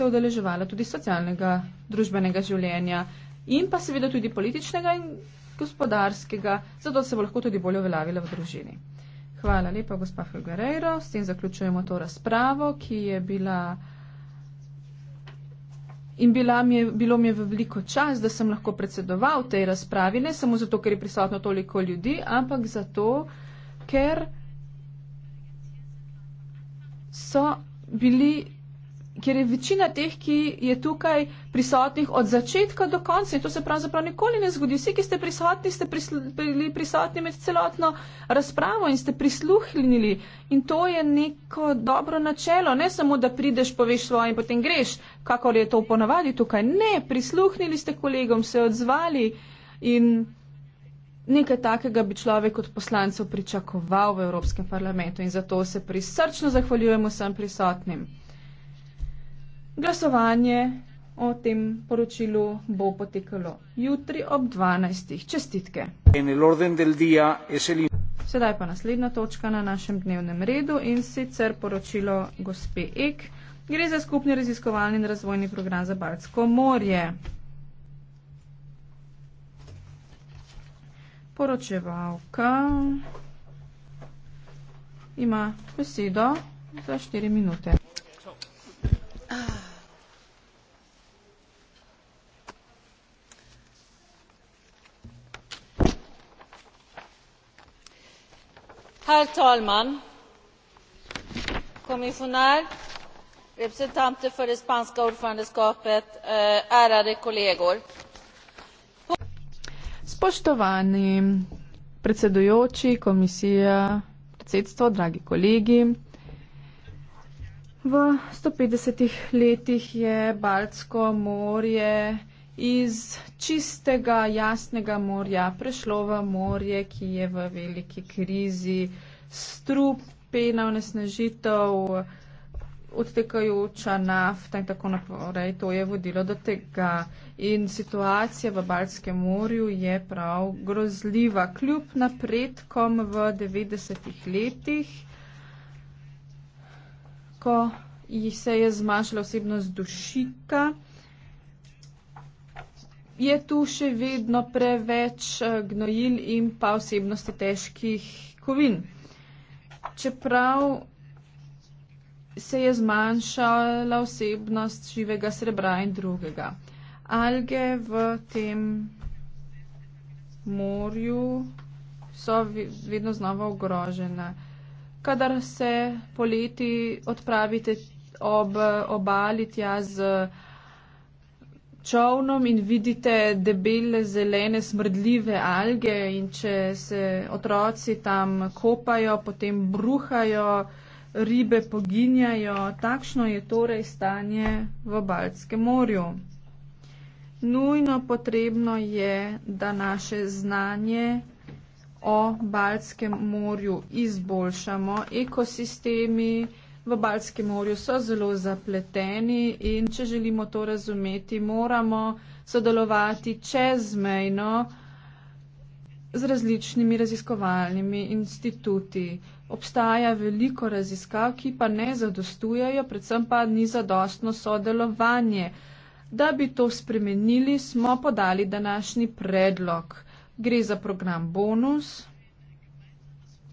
se udeleževala tudi socialnega, družbenega življenja in pa seveda tudi političnega in gospodarskega, zato se bo lahko tudi bolje uveljavila v družini. Hvala lepa, gospa Fulgarejro. S tem zaključujemo to razpravo, ki je bila in bila mi je, bilo mi je veliko čas, da sem lahko predsedoval tej razpravi, ne samo zato, ker je prisotno toliko ljudi, ampak zato, ker so bili kjer je večina teh, ki je tukaj prisotnih od začetka do konca in to se pravzaprav nikoli ne zgodi. Vsi, ki ste prisotni, ste prisl, bili prisotni med celotno razpravo in ste prisluhnili in to je neko dobro načelo. Ne samo, da prideš, poveš svoje in potem greš, kakor je to ponavadi tukaj. Ne, prisluhnili ste kolegom, se odzvali in nekaj takega bi človek kot poslancev pričakoval v Evropskem parlamentu in zato se prisrčno zahvaljujemo vsem prisotnim. Glasovanje o tem poročilu bo potekalo jutri ob 12. Čestitke. Sedaj pa naslednja točka na našem dnevnem redu in sicer poročilo gospe Ek. Gre za skupni raziskovalni in razvojni program za Baltsko morje. Poročevalka ima besedo za 4 minute. Herr talman! Kommissionär, representanter för det spanska ordförandeskapet, eh, ärade kolleger! Spoštovani predsedujoči, komisija, predsedstvo, dragi kolegi. V 150 letih je Baltsko morje iz čistega, jasnega morja prešlo v morje, ki je v veliki krizi strup, pena onesnažitev, odtekajoča nafta in tako naprej. To je vodilo do tega. In situacija v Balskem morju je prav grozljiva. Kljub napredkom v 90-ih letih, ko se je zmanjšala osebnost dušika, je tu še vedno preveč eh, gnojil in pa osebnosti težkih kovin čeprav se je zmanjšala osebnost živega srebra in drugega. Alge v tem morju so vedno znova ogrožene. Kadar se poleti odpravite ob obali tja z čovnom in vidite debele, zelene, smrdljive alge in če se otroci tam kopajo, potem bruhajo, ribe poginjajo. Takšno je torej stanje v Baltskem morju. Nujno potrebno je, da naše znanje o Baltskem morju izboljšamo. Ekosistemi, v Balskem morju so zelo zapleteni in če želimo to razumeti, moramo sodelovati čezmejno z različnimi raziskovalnimi instituti. Obstaja veliko raziskav, ki pa ne zadostujejo, predvsem pa ni zadostno sodelovanje. Da bi to spremenili, smo podali današnji predlog. Gre za program Bonus,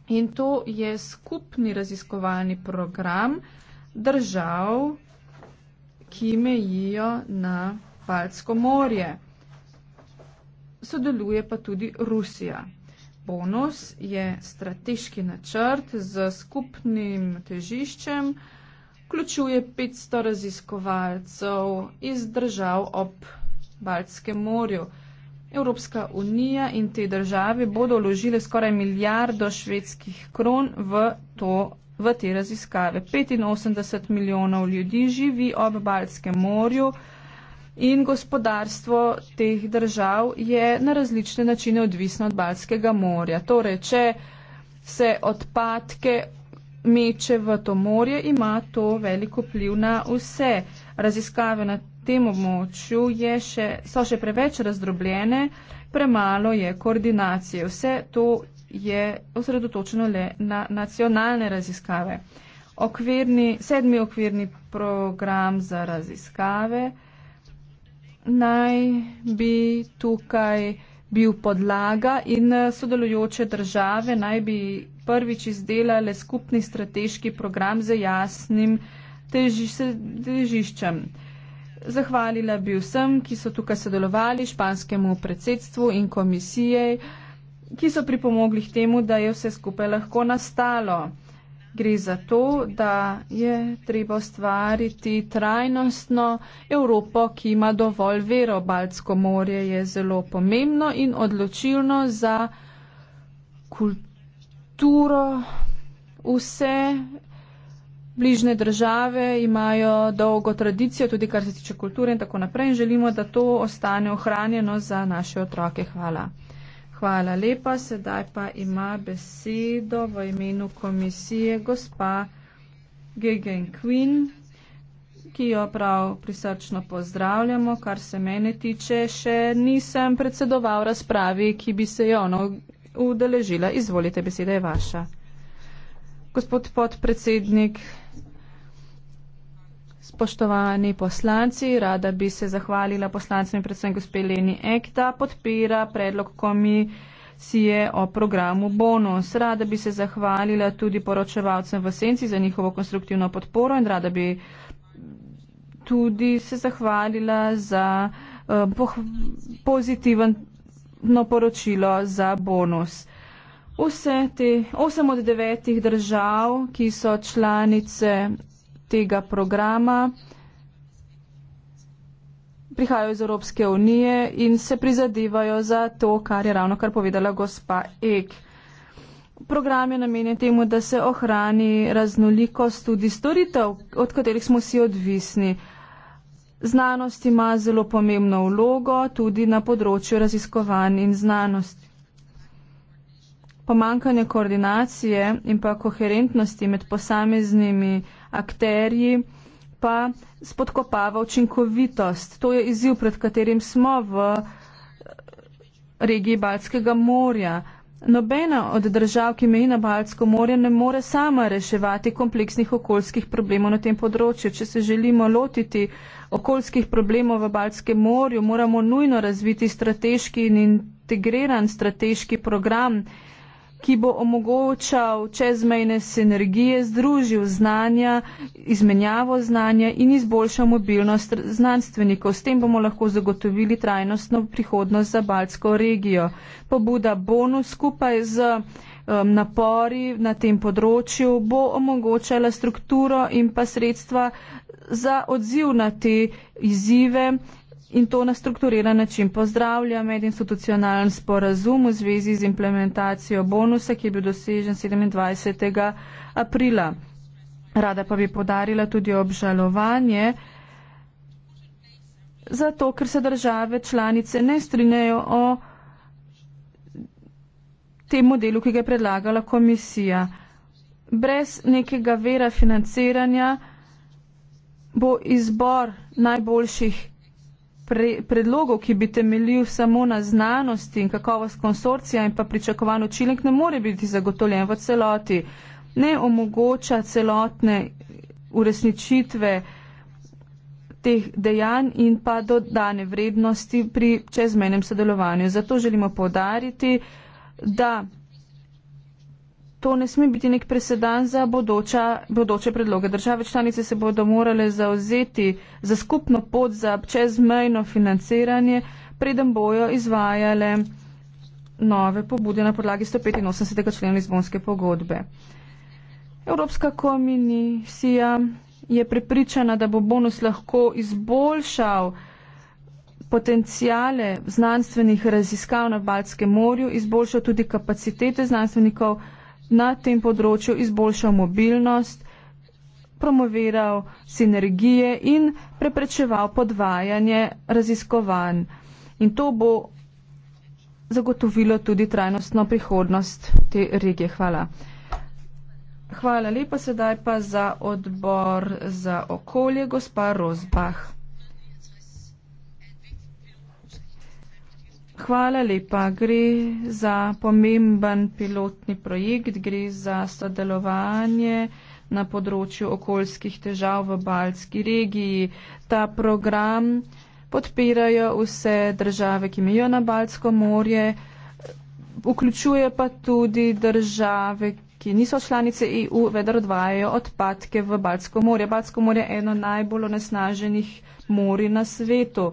In to je skupni raziskovalni program držav, ki mejijo na Baltsko morje. Sodeluje pa tudi Rusija. Bonus je strateški načrt z skupnim težiščem, vključuje 500 raziskovalcev iz držav ob Baltskem morju. Evropska unija in te države bodo vložile skoraj milijardo švedskih kron v, to, v te raziskave. 85 milijonov ljudi živi ob Baltskem morju in gospodarstvo teh držav je na različne načine odvisno od Baltskega morja. Torej, če se odpadke meče v to morje, ima to veliko pliv na vse raziskave na tem tem območju je še, so še preveč razdrobljene, premalo je koordinacije. Vse to je osredotočeno le na nacionalne raziskave. Okvirni, sedmi okvirni program za raziskave naj bi tukaj bil podlaga in eh, sodelujoče države naj bi prvič izdelale skupni strateški program z jasnim težiš, težiščem. Zahvalila bi vsem, ki so tukaj sodelovali, španskemu predsedstvu in komisiji, ki so pripomogli k temu, da je vse skupaj lahko nastalo. Gre za to, da je treba ustvariti trajnostno Evropo, ki ima dovolj vero. Baltsko morje je zelo pomembno in odločilno za kulturo vse Bližne države imajo dolgo tradicijo, tudi kar se tiče kulture in tako naprej, in želimo, da to ostane ohranjeno za naše otroke. Hvala. Hvala lepa. Sedaj pa ima besedo v imenu komisije gospa Gegen Queen, ki jo prav prisrčno pozdravljamo. Kar se mene tiče, še nisem predsedoval razpravi, ki bi se jo ono udeležila. Izvolite, beseda je vaša. Gospod podpredsednik. Spoštovani poslanci, rada bi se zahvalila poslancem in predvsem gospe Leni Ek, da podpira predlog komisije o programu Bonus. Rada bi se zahvalila tudi poročevalcem v Senci za njihovo konstruktivno podporo in rada bi tudi se zahvalila za uh, pozitivno poročilo za bonus. Vse te osem od devetih držav, ki so članice tega programa prihajajo iz Evropske unije in se prizadevajo za to, kar je ravno kar povedala gospa Ek. Program je namenjen temu, da se ohrani raznolikost tudi storitev, od katerih smo vsi odvisni. Znanost ima zelo pomembno vlogo tudi na področju raziskovanj in znanosti. Pomankanje koordinacije in pa koherentnosti med posameznimi akterji, pa spodkopava učinkovitost. To je izziv, pred katerim smo v eh, regiji Balskega morja. Nobena od držav, ki meji na Balsko morje, ne more sama reševati kompleksnih okoljskih problemov na tem področju. Če se želimo lotiti okoljskih problemov v Balskem morju, moramo nujno razviti strateški in integriran strateški program, ki bo omogočal čezmejne sinergije, združil znanja, izmenjavo znanja in izboljšal mobilnost znanstvenikov. S tem bomo lahko zagotovili trajnostno prihodnost za Balsko regijo. Pobuda bonus skupaj z um, napori na tem področju bo omogočala strukturo in pa sredstva za odziv na te izzive in to na strukturiran način pozdravlja medinstitucionalen sporazum v zvezi z implementacijo bonusa, ki je bil dosežen 27. aprila. Rada pa bi podarila tudi obžalovanje, zato ker se države članice ne strinjajo o tem modelu, ki ga je predlagala komisija. Brez nekega vera financiranja bo izbor najboljših pre, predlogov, ki bi temeljil samo na znanosti in kakovost konsorcija in pa pričakovan učilnik, ne more biti zagotovljen v celoti. Ne omogoča celotne uresničitve teh dejanj in pa dodane vrednosti pri čezmenem sodelovanju. Zato želimo povdariti, da to ne sme biti nek presedan za bodoča, bodoče predloge. Države članice se bodo morale zauzeti za skupno pot za čezmejno financiranje, preden bojo izvajale nove pobude na podlagi 185. člena Lizbonske pogodbe. Evropska komisija je prepričana, da bo bonus lahko izboljšal potencijale znanstvenih raziskav na Baltskem morju, izboljšal tudi kapacitete znanstvenikov, na tem področju izboljšal mobilnost, promoviral sinergije in preprečeval podvajanje raziskovanj. In to bo zagotovilo tudi trajnostno prihodnost te regije. Hvala. Hvala lepa sedaj pa za odbor za okolje, gospa Rozbah. Hvala lepa. Gre za pomemben pilotni projekt, gre za sodelovanje na področju okoljskih težav v Baljski regiji. Ta program podpirajo vse države, ki imajo na Baljsko morje, vključuje pa tudi države, ki niso članice EU, vendar odvajajo odpadke v Baljsko morje. Baljsko morje je eno najbolj onesnaženih mori na svetu.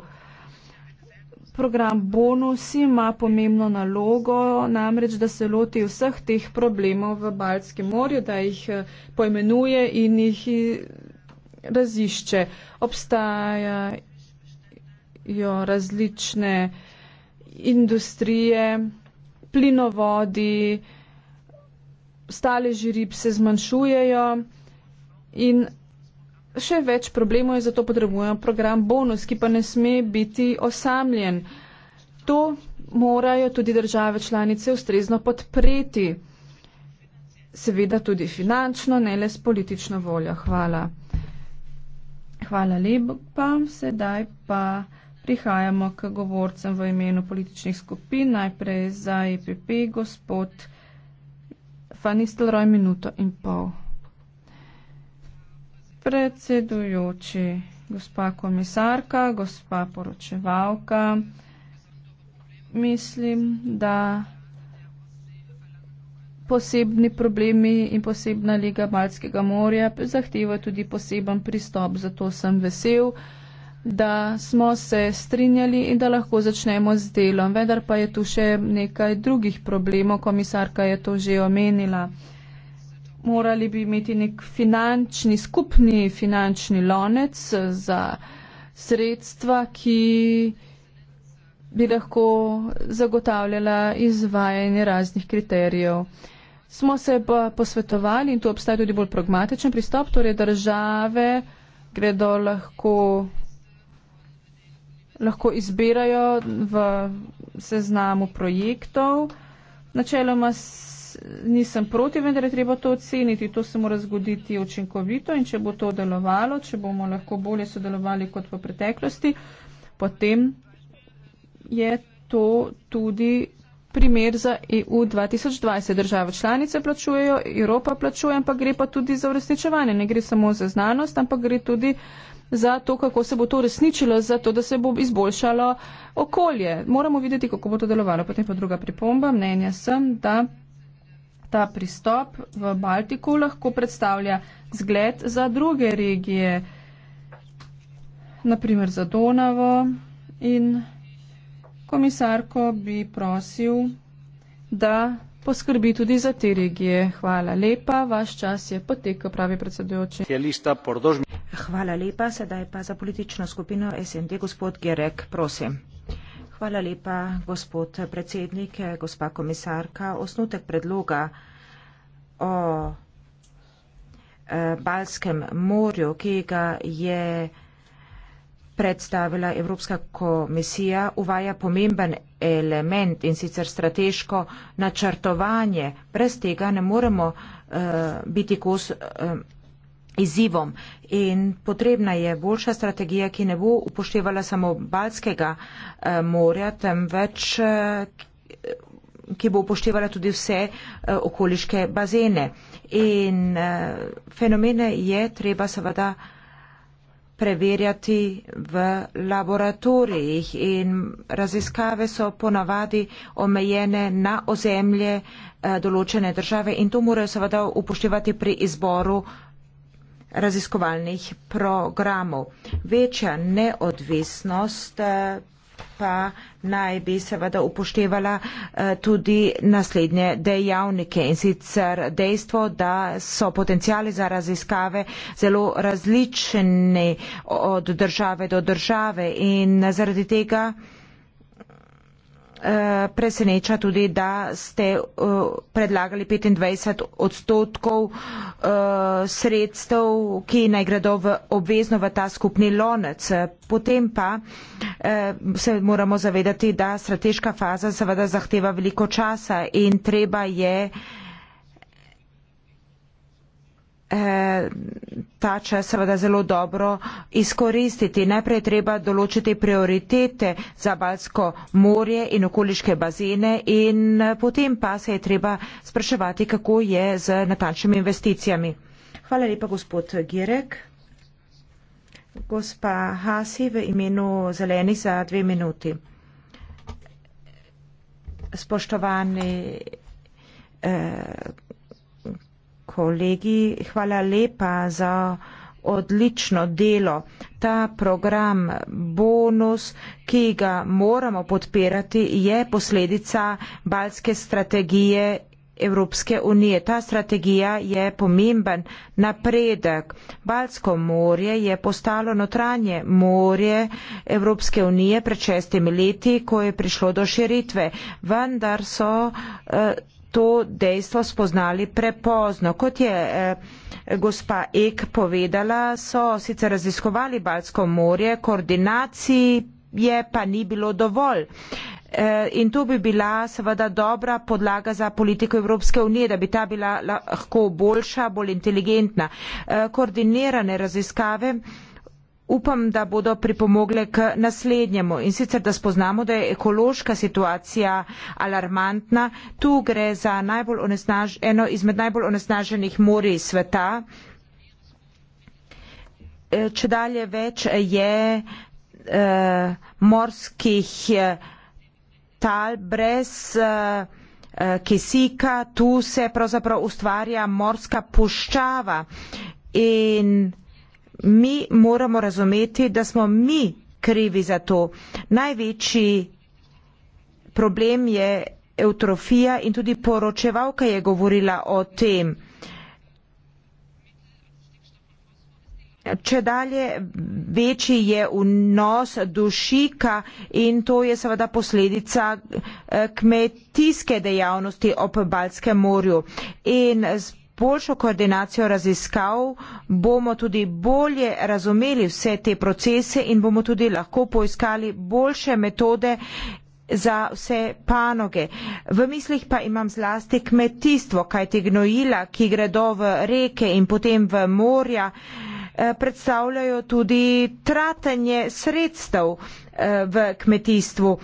Program Bonus ima pomembno nalogo, namreč, da se loti vseh teh problemov v Baltskem morju, da jih eh, poimenuje in jih eh, razišče. Obstajajo različne industrije, plinovodi, stale žirib se zmanjšujejo in Še več problemov je zato potrebujemo program bonus, ki pa ne sme biti osamljen. To morajo tudi države članice ustrezno podpreti. Seveda tudi finančno, ne le s politično voljo. Hvala. Hvala lepa. Sedaj pa prihajamo k govorcem v imenu političnih skupin. Najprej za EPP, gospod Fanistelroj, minuto in pol predsedujoči, gospa komisarka, gospa poročevalka, mislim, da posebni problemi in posebna liga Balskega morja zahteva tudi poseben pristop. Zato sem vesel, da smo se strinjali in da lahko začnemo z delom. Vendar pa je tu še nekaj drugih problemov, komisarka je to že omenila. Uh, morali bi imeti nek finančni, skupni finančni lonec eh, za sredstva, ki bi lahko zagotavljala izvajanje raznih kriterijev. Smo se pa posvetovali in tu obstaja tudi bolj pragmatičen pristop, torej države gredo lahko, lahko izbirajo v seznamu projektov. Načeloma nisem proti, vendar je treba to oceniti. To se mora zgoditi učinkovito in če bo to delovalo, če bomo lahko bolje sodelovali kot v preteklosti, potem je to tudi primer za EU 2020. Države članice plačujejo, Evropa plačuje, ampak gre pa tudi za uresničevanje. Ne gre samo za znanost, ampak gre tudi za to, kako se bo to uresničilo, za to, da se bo izboljšalo okolje. Moramo videti, kako bo to delovalo. Potem pa druga pripomba, mnenja sem, da ta pristop v Baltiku lahko predstavlja zgled za druge regije, naprimer za Donavo in komisarko bi prosil, da poskrbi tudi za te regije. Hvala lepa, vaš čas je potekel, pravi predsedujoči. Hvala lepa, sedaj pa za politično skupino SND, gospod Gerek, prosim. Hvala lepa, gospod predsednik, gospa komisarka. Osnutek predloga o eh, Balskem morju, ki ga je predstavila Evropska komisija, uvaja pomemben element in sicer strateško načrtovanje. Brez tega ne moremo uh, biti kos uh, izzivom in potrebna je boljša strategija, ki ne bo upoštevala samo Balskega eh, morja, temveč eh, ki bo upoštevala tudi vse eh, okoliške bazene. In fenomene je treba seveda preverjati v laboratorijih in raziskave so ponavadi omejene na ozemlje določene države in to morajo seveda upoštevati pri izboru raziskovalnih programov. Večja neodvisnost eh, pa naj bi seveda upoštevala eh, tudi naslednje dejavnike in sicer dejstvo, da so potencijali za raziskave zelo različni od države do države in zaradi tega Eh, preseneča tudi, da ste eh, predlagali 25 odstotkov eh, sredstev, ki naj gredo v obvezno v ta skupni lonec. Potem pa se moramo zavedati, da strateška faza seveda zahteva veliko časa in treba je ta čas seveda zelo dobro izkoristiti. Najprej treba določiti prioritete za Balsko morje in okoliške bazene in eh, potem pa se je treba spraševati, kako je z natančnimi investicijami. Hvala lepa, gospod Girek. Gospa Hasi v imenu Zeleni za dve minuti. Spoštovani. Eh, kolegi, hvala lepa za odlično delo. Ta program bonus, ki ga moramo podpirati, je posledica balske strategije Evropske unije. Ta strategija je pomemben napredek. Balsko morje je postalo notranje morje Evropske unije pred šestimi leti, ko je prišlo do širitve. Vendar so. Uh, to dejstvo spoznali prepozno. Kot je eh, gospa Ek povedala, so sicer raziskovali Balsko morje, koordinaciji je pa ni bilo dovolj. Eh, in to bi bila seveda dobra podlaga za politiko Evropske unije, da bi ta bila lahko boljša, bolj inteligentna. Eh, koordinirane raziskave upam, da bodo pripomogle k naslednjemu in sicer, da spoznamo, da je ekološka situacija alarmantna. Tu gre za eno izmed najbolj onesnaženih morij sveta. E, če dalje več je e, morskih e, tal brez kisika, tu se pravzaprav ustvarja morska puščava in mi moramo razumeti, da smo mi krivi za to. Največji problem je eutrofija in tudi poročevalka je govorila o tem. Če dalje večji je vnos dušika in to je seveda posledica eh, kmetijske dejavnosti ob Balskem morju. In boljšo koordinacijo raziskav bomo tudi bolje razumeli vse te procese in bomo tudi lahko poiskali boljše metode za vse panoge. V mislih pa imam zlasti kmetijstvo, kajti gnojila, ki gredo v reke in potem v morja, eh, predstavljajo tudi tratanje sredstev eh, v kmetijstvu.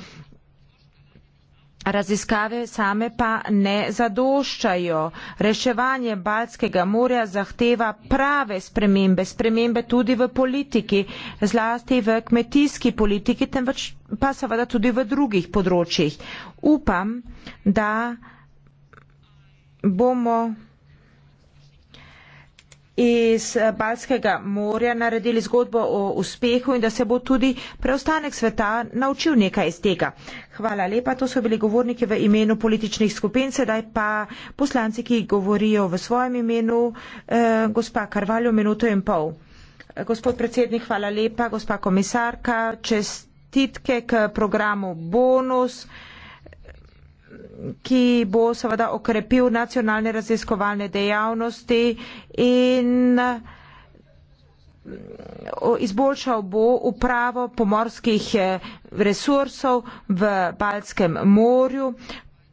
Raziskave same pa ne zadoščajo. Reševanje Balckega morja zahteva prave spremembe, spremembe tudi v politiki, zlasti v kmetijski politiki, temveč pa seveda tudi v drugih področjih. Upam, da bomo iz eh, Balskega morja naredili zgodbo o uspehu in da se bo tudi preostanek sveta naučil nekaj iz tega. Hvala lepa, to so bili govorniki v imenu političnih skupin, sedaj pa poslanci, ki govorijo v svojem imenu, eh, gospa Karvaljo, minuto in pol. Eh, gospod predsednik, hvala lepa, gospa komisarka, čestitke k programu Bonus. Eh, ki bo seveda okrepil nacionalne raziskovalne dejavnosti in mm, izboljšal bo upravo pomorskih eh, resursov v Balskem morju,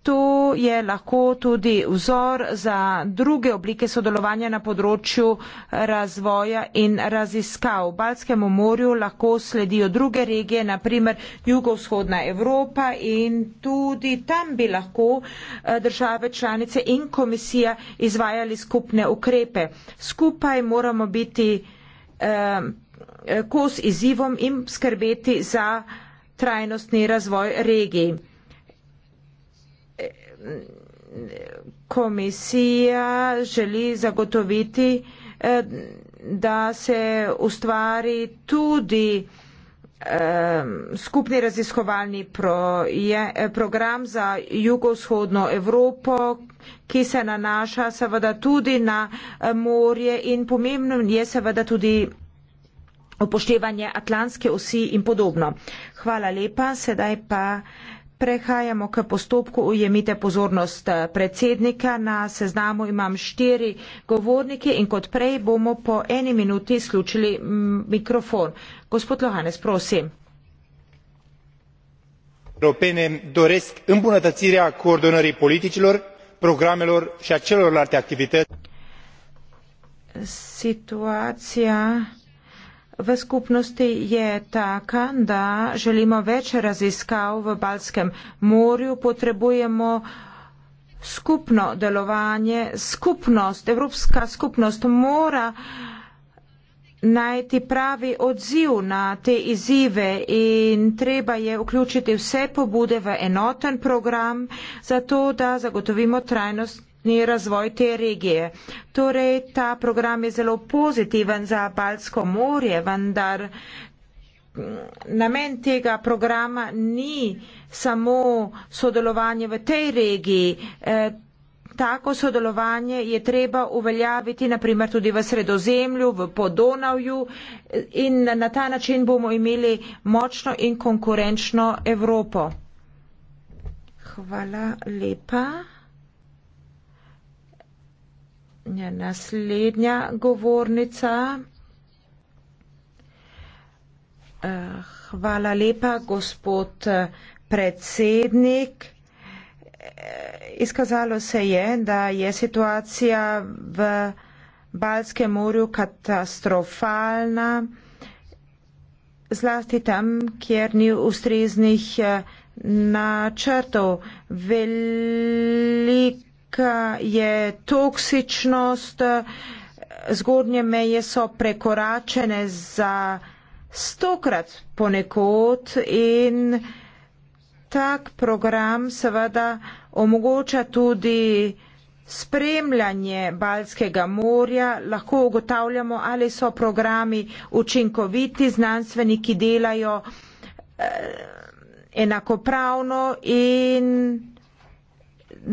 tu je lahko tudi vzor za druge oblike sodelovanja na področju razvoja in raziskav. V Balskemu morju lahko sledijo druge regije, naprimer jugovzhodna Evropa in tudi tam bi lahko eh, države članice in komisija izvajali skupne ukrepe. Skupaj moramo biti eh, eh kos izzivom in skrbeti za trajnostni razvoj regiji komisija želi zagotoviti, eh, da se ustvari tudi eh, skupni raziskovalni eh, program za jugovzhodno Evropo, ki se nanaša seveda tudi na morje in pomembno je seveda tudi upoštevanje atlantske osi in podobno. Hvala lepa, sedaj pa. Prehajamo k postopku. Ujemite pozornost eh, predsednika. Na seznamu imam štiri govornike in kot prej bomo po eni minuti izključili mm, mikrofon. Gospod Lohanes, prosim. Europene doresc îmbunătățirea coordonării politicilor, programelor și a celorlalte activități. Situația v skupnosti je taka, da želimo več raziskav v Balskem morju, potrebujemo skupno delovanje, skupnost, Evropska skupnost mora najti pravi odziv na te izzive in treba je vključiti vse pobude v enoten program, zato da zagotovimo trajnost skupni razvoj te regije. Torej, ta program je zelo pozitiven za Balsko morje, vendar mm, namen tega programa ni samo sodelovanje v tej regiji. E, tako sodelovanje je treba uveljaviti naprimer tudi v Sredozemlju, v Podonavju e, in na ta način bomo imeli močno in konkurenčno Evropo. Hvala lepa je naslednja govornica. Eh, hvala lepa, gospod eh, predsednik. Eh, izkazalo se je, da je situacija v Balskem morju katastrofalna, zlasti tam, kjer ni ustreznih načrtov. Velik ker je toksičnost, eh, zgodnje meje so prekoračene za stokrat ponekod in tak program seveda omogoča tudi spremljanje Balskega morja, lahko ugotavljamo, ali so programi učinkoviti, znanstveniki delajo eh, enakopravno in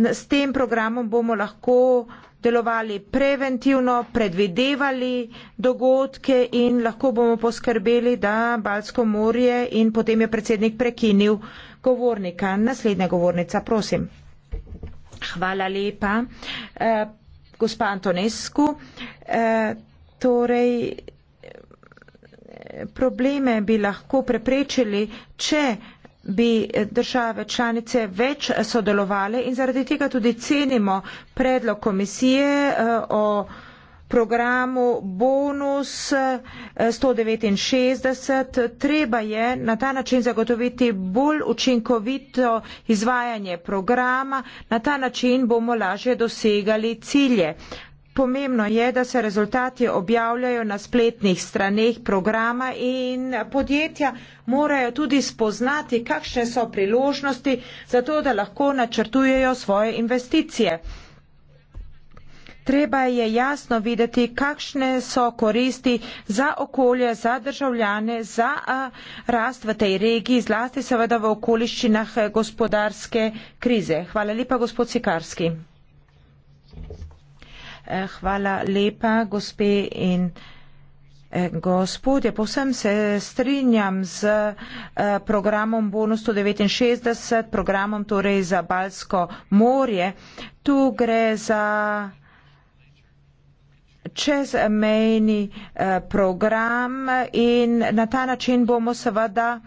s tem programom bomo lahko delovali preventivno, predvidevali dogodke in lahko bomo poskrbeli, da Balsko morje in potem je predsednik prekinil govornika. Naslednja govornica, prosim. Hvala lepa, eh, gospa Antonescu. Eh, torej, eh, probleme bi lahko preprečili, če eh, bi države članice več sodelovale in zaradi tega tudi cenimo predlog komisije eh, o programu bonus 169. Eh, Treba je na ta način zagotoviti bolj učinkovito izvajanje programa, na ta način bomo lažje dosegali cilje. Pomembno je, da se rezultati objavljajo na spletnih straneh programa in podjetja morajo tudi spoznati, kakšne so priložnosti za to, da lahko načrtujejo svoje investicije. Treba je jasno videti, kakšne so koristi za okolje, za državljane, za rast v tej regiji, zlasti seveda v okoliščinah gospodarske krize. Hvala lepa, gospod Sikarski. Eh, hvala lepa, gospe in eh, gospodje. Povsem se strinjam z eh, programom Bonus 169, programom torej za Balsko morje. Tu gre za čezmejni program in na ta način bomo seveda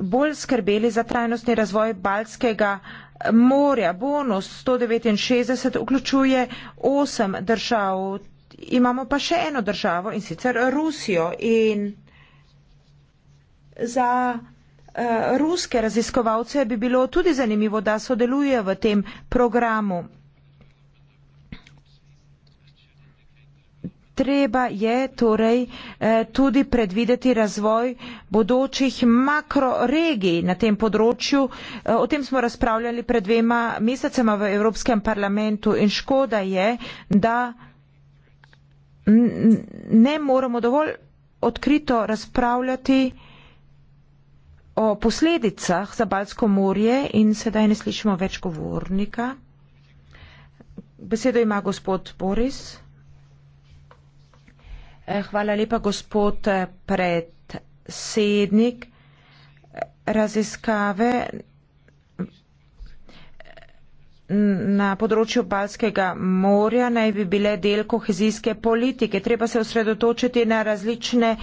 bolj skrbeli za trajnostni razvoj Baltskega eh, morja. Bonus 169 vključuje 8 držav. Imamo pa še eno državo in sicer Rusijo. In za uh, ruske raziskovalce bi bilo tudi zanimivo, da sodelujejo v tem programu. treba je torej eh, tudi predvideti razvoj bodočih makroregij na tem področju. Eh, o tem smo razpravljali pred dvema mesecema v Evropskem parlamentu in škoda je, da ne moramo dovolj odkrito razpravljati o posledicah za Balsko morje in sedaj ne slišimo več govornika. Besedo ima gospod Boris. Eh, hvala lepa, gospod eh, predsednik. Raziskave mm, na področju Balskega morja naj bi bile del kohezijske politike. Treba se osredotočiti na različne uh,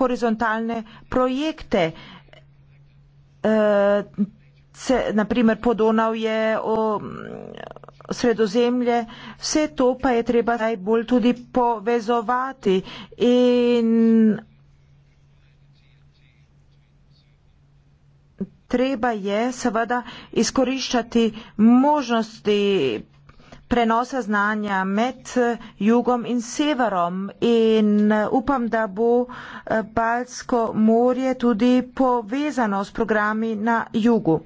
horizontalne projekte. Uh, se, naprimer, Podonav je o, sredozemlje, vse to pa je treba najbolj tudi povezovati in treba je seveda izkoriščati možnosti prenosa znanja med jugom in severom in eh, upam, da bo eh, Balsko morje tudi povezano s programi na jugu.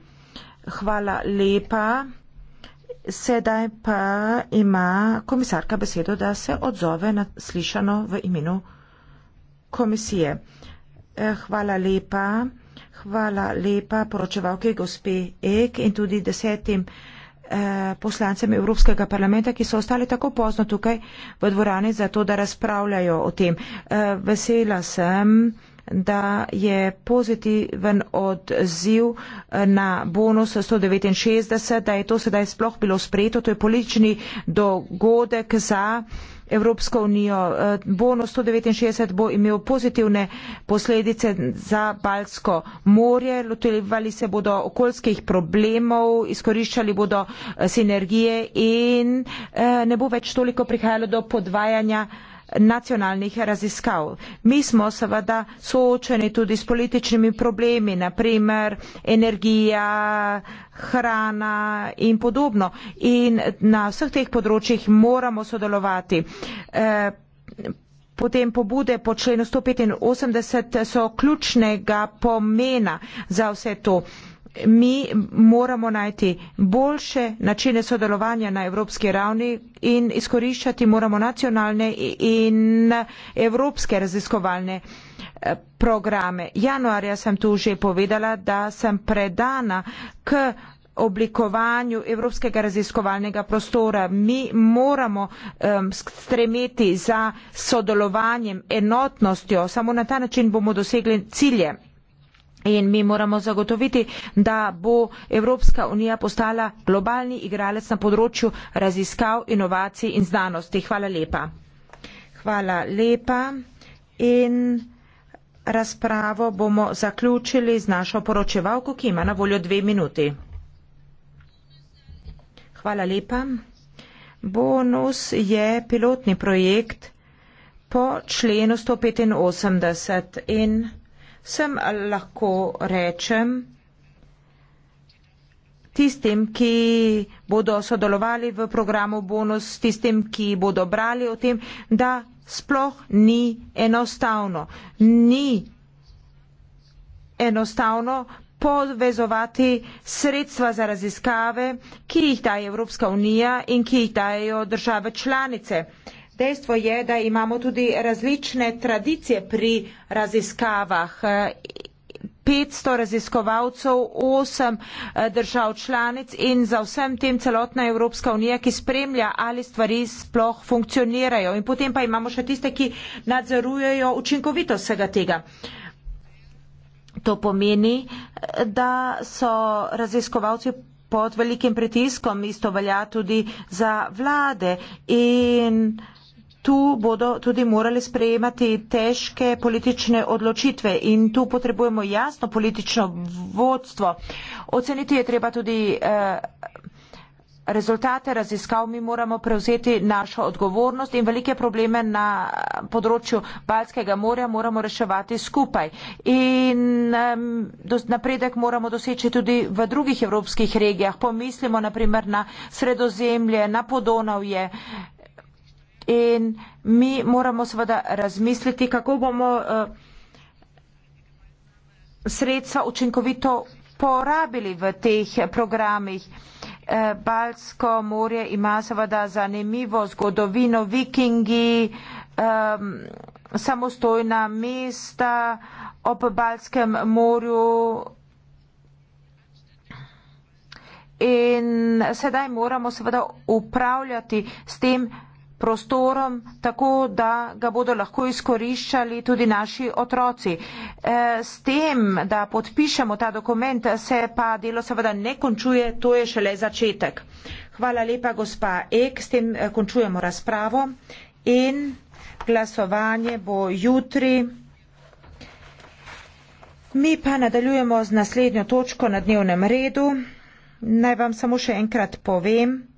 Hvala lepa. Sedaj pa ima komisarka besedo, da se odzove na slišano v imenu komisije. Eh, hvala lepa, hvala lepa poročevalke gospe Ek in tudi desetim eh, poslancem Evropskega parlamenta, ki so ostali tako pozno tukaj v dvorani, zato da razpravljajo o tem. Eh, vesela sem, da je pozitiven odziv eh, na bonus 169, da je to sedaj sploh bilo sprejeto. To je politični dogodek za Evropsko unijo. Eh, bonus 169 bo imel pozitivne posledice za Balsko morje, lotevali se bodo okoljskih problemov, izkoriščali bodo eh, sinergije in ne bo več toliko prihajalo do podvajanja nacionalnih raziskav. Mi smo seveda soočeni tudi s političnimi problemi, naprimer energija, hrana in podobno. In na vseh teh področjih moramo sodelovati. E, Potem pobude po členu 185 so ključnega pomena za vse to mi moramo najti boljše načine sodelovanja na evropski ravni in izkoriščati moramo nacionalne in evropske raziskovalne eh, programe. Januarja sem tu že povedala, da sem predana k oblikovanju evropskega raziskovalnega prostora. Mi moramo um, stremeti za sodelovanjem, enotnostjo, samo na ta način bomo dosegli cilje. In mi moramo zagotoviti, da bo Evropska unija postala globalni igralec na področju raziskav, inovacij in znanosti. Hvala lepa. Hvala lepa. In razpravo bomo zaključili z našo poročevalko, ki ima na voljo dve minuti. Hvala lepa. Bonus je pilotni projekt po členu 185 in sem lahko rečem tistim, ki bodo sodelovali v programu bonus, tistim, ki bodo brali o tem, da sploh ni enostavno. Ni enostavno povezovati sredstva za raziskave, ki jih daje Evropska unija in ki jih dajo države članice. Dejstvo je, da imamo tudi različne tradicije pri raziskavah. 500 raziskovalcev, 8 eh, držav članic in za vsem tem celotna Evropska unija, ki spremlja, ali stvari sploh funkcionirajo. In potem pa imamo še tiste, ki nadzorujejo učinkovitost vsega tega. To pomeni, eh, da so raziskovalci pod velikim pritiskom, isto velja tudi za vlade. In tu bodo tudi morali sprejemati težke politične odločitve in tu potrebujemo jasno politično vodstvo. Oceniti je treba tudi eh, rezultate raziskav, mi moramo prevzeti našo odgovornost in velike probleme na področju Balskega morja moramo reševati skupaj. In eh, do, napredek moramo doseči tudi v drugih evropskih regijah. Pomislimo naprimer na sredozemlje, na Podonavje. Eh, in mi moramo seveda razmisliti, kako bomo eh, sredstva učinkovito porabili v teh programih. Eh, Balsko morje ima seveda zanimivo zgodovino, vikingi, um, samostojna mesta ob Balskem morju in sedaj moramo seveda upravljati s tem, prostorom, tako da ga bodo lahko izkoriščali tudi naši otroci. E, s tem, da podpišemo ta dokument, se pa delo seveda ne končuje, to je šele začetek. Hvala lepa, gospa Ek, s tem eh, končujemo razpravo in glasovanje bo jutri. Mi pa nadaljujemo z naslednjo točko na dnevnem redu. Naj vam samo še enkrat povem,